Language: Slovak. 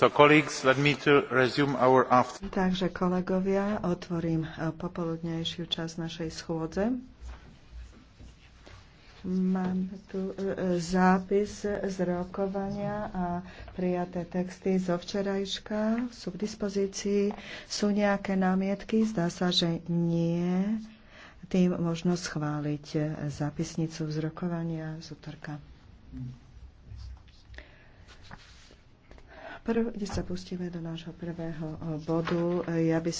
So, colleagues, let me to resume our after. Takže kolegovia, otvorím eh, popoludnejšiu časť našej schôdze. Mám tu eh, zápis z rokovania a prijaté texty zo včerajška sú k dispozícii. Sú nejaké námietky? Zdá sa, že nie. Tým možno schváliť eh, zápisnicu z rokovania z útorka. Mm. Prv, než sa pustíme do nášho prvého eh, bodu, eh, ja by som